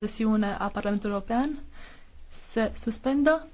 sesiune a Parlamentului European se suspendă.